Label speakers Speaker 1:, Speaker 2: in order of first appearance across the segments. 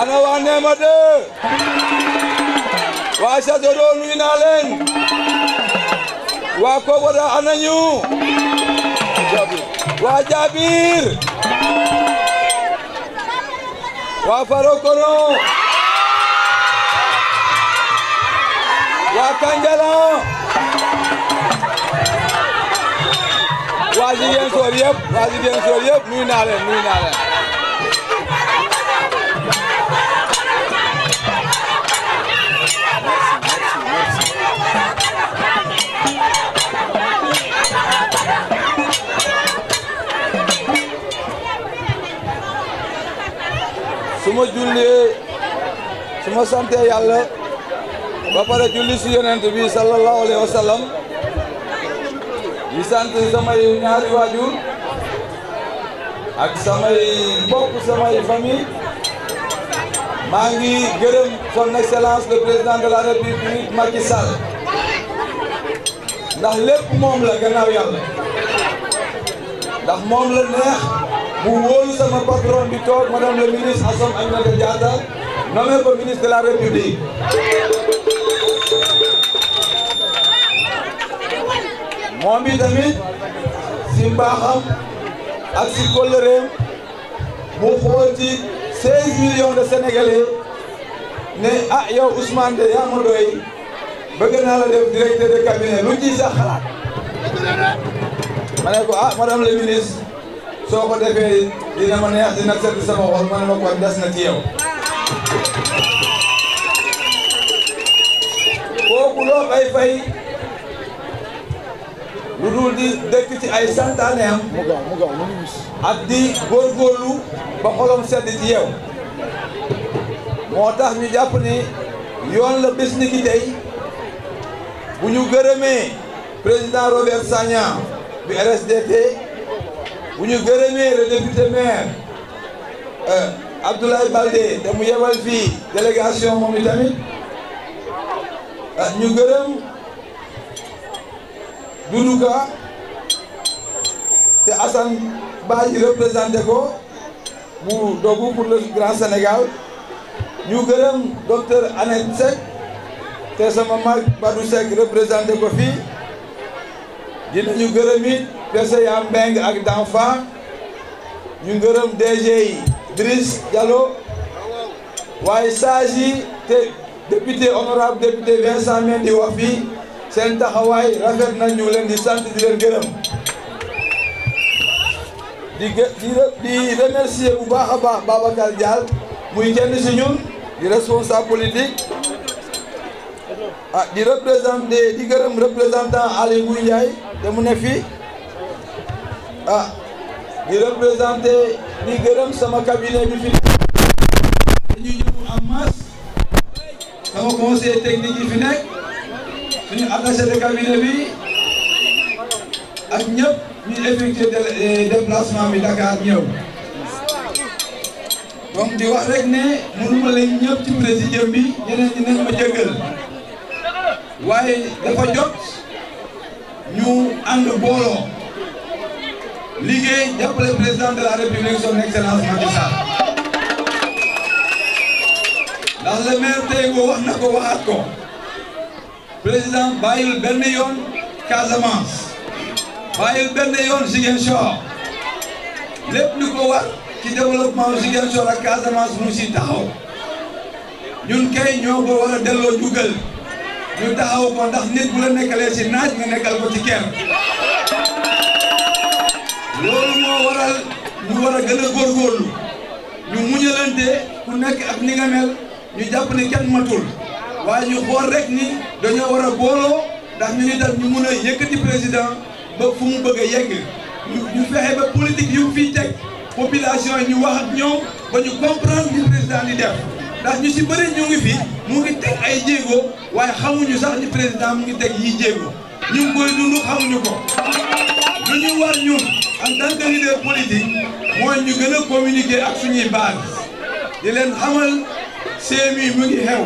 Speaker 1: ana waa Néma 2 waa Château d'Eau nuyu naa leen waa Koboda ana ñu waa Jabir waa Farokono waa Kanjala waa Ziguinchor yëpp waa Ziguinchor yëpp nuyu naa leen nuyu naa leen jullee su ma santee yàlla ba pare julli si yonent bi sallallahu alayhi wa sallam di sant ñaari waajur ak samay mbokk samay famille maa ngi gërëm son excellence le président de la république ndax lépp moom la gannaaw yàlla ndax moom la neex mu wóolu sama patron bi toog madame le ministre Assome Aminata Diatta nommé ko ministre de la République moom bi tamit si mbaaxam ak si kóllëreem mu xool ci 16 de sénégalais ne ah yow Ousmane de yaa doy bëgg naa la de cabinet lu ci sa xalaat ma ne ko ah soo ko defee dina ma neex dina sedd sama xol man ma kon des na ci kooku loo fay lu dul di dëkk ci ay santaane am ak di góorgóorlu ba xolom sedd ci moo tax ñu jàpp ni yoon la bis bu ñu gërëmee président Robert Sagna bi RSDT bu ñu gërëmee le député maire euh, Abdoulaye Baldé te mu yebal fii délégation moom itamit euh, ñu gërëm Doudou Ka te Assane Badji représenté ko mu dogu pour le Grand Sénégal ñu gërëm docteur Annette Seck te sama mag Badou Seck représenté ko fii dinañu Keseya Mbeng ak Danfa ñu ngërëm DG yi Driss Diallo waaye sages yi te député honorable député Vincent Mendy di wax fii seen taxawaay rafet na ñu leen di sant di leen gërëm di di remercier bu baax a baax Babacar Diall muy kenn si ñun di responsable politique ah di représenté di gërëm représentant Aliou Ndiaye te mu ne fii ah di représenté di gërëm sama cabinet bi fi nekk dañuy ñëw en masse sama conseil technique fi nekk suñu attaché de cabinet bi ak ñëpp ñu effectué euh, déplacement bi Dakar ñëw donc di wax rek ne mënuma leen ñëpp ci président bi ñeneen ñi ma jéggal waaye dafa jot ñu ànd booloo liggéey jàppale président de la république son excellence Macky Sall ndax le tey ko wax na ko waxaat ko président bàyyil benn yoon Casamance bàyyil benn yoon Ziguinchor lépp lu ko war ci développement Ziguinchor ak Casamance mu si taxaw ñun kay ñoo ko war a delloo jugal ñu taxaw ko ndax nit bu la nekkalee si naaj nga nekkal ko ci kër. waral ñu war a gën a góorgóorlu ñu muñalante ku nekk ak ni nga mel ñu jàpp ni kenn matul waaye ñu xool rek ni dañoo war a booloo ndax ñu ni daf ñu mën a yëkkati président ba fu mu bëgg a yegg ñu fexe ba politique yu fii teg population yi ñu wax ñëw ba ñu comprendre li président di def ndax ñu si bëri ñu ngi fi mu ngi teg ay jéego waaye xamuñu sax ni président mu ngi teg yi jéegoo ñu ngi koy dund xamuñu ko lu ñu war ñun en tant que leader politique mooy ñu gën a communiquer ak suñuy base di leen xamal CMU mu ngi xew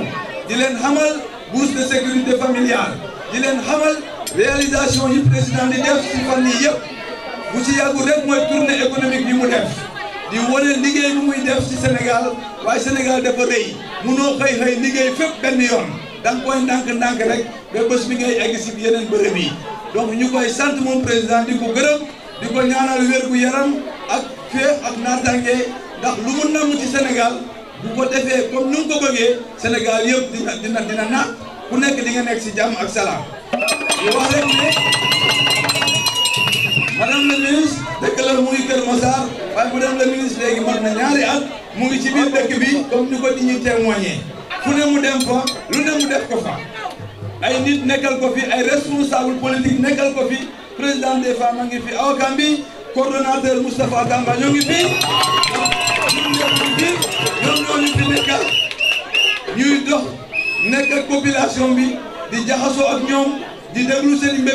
Speaker 1: di leen xamal bourse de sécurité familiale di leen xamal réalisation yi président di def ci fan yii yëpp bu ci yàggu rek mooy tournée économique mu def di wane liggéey bi muy def ci Sénégal waaye Sénégal dafa rëy munoo xëy xëy liggéey fépp benn yoon. da nga koy ndànk-ndànk rek ba bi ngay egg yeneen bërëb yi donc ñu koy sant moom président di ko gërëm di ko ñaanal wér gu yaram ak féex ak naataange ndax lu mu namm ci Sénégal bu ko defee comme nu nga ko bëggee Sénégal yëpp dina dina na ku nekk di nga nekk si jàmm ak salaam di wax rek ne madame la de dëkk la mu ngi Kër Massar waaye madame la ministre léegi mat na ñaari at mu ngi ci biir dëkk bi comme ni ko di ñuy témoigner fu ne mu dem fa lu ne mu def ko fa ay nit nekkal ko fi ay responsable politique nekkal ko fi président des femmes a ngi fi Awa Kambi coordonnateur Moustapha Kamba ñoo ngi fi ñoom ñoo ñu fi nekkal ñuy dox nekk ak population bi di jaxasoo ak ñoom di déglu seen i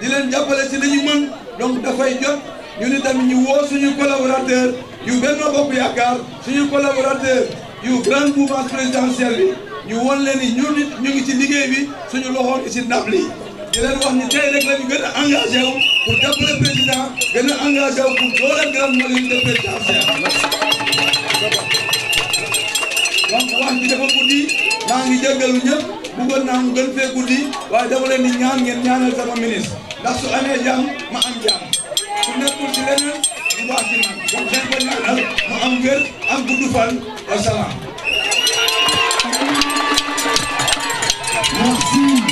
Speaker 1: di leen jàppale si li ñu mën donc dafay jot ñu ni tamit ñu woo suñu collaborateur yu Benno Bokk Yaakaar suñu collaborateur yu grande mouvance présidentielle bi ñu won leen ni ñun ñu ngi ci liggéey bi suñu loxo ngi ci ndab li di leen wax ni tey rek la ñu gën a engagé wu pour jàppale président gën a engagé wu pour dooleel grande majorité présidentielle donc wax bi dafa guddi maa ngi jéggalu ñëpp bëggoon naa mu gën fee guddi waaye dama leen di ñaan ngeen ñaanal sama ministre ndax su amee ma am jàmm su nekkul ci leneen mu am ci moom xeex ba ñu àndal mu am wér am gudd fan wa salaam. merci.